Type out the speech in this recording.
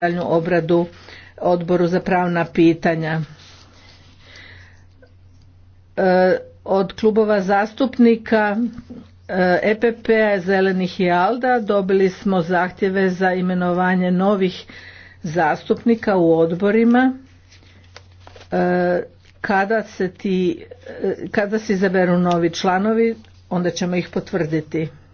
daljnju obradu odboru za pravna pitanja. E, od klubova zastupnika epp e p-a, Zelenih i Alda dobili smo zahtjeve za imenovanje novih zastupnika u odborima e, kada se ti, kada se izaberu novi članovi onda ćemo ih potvrditi.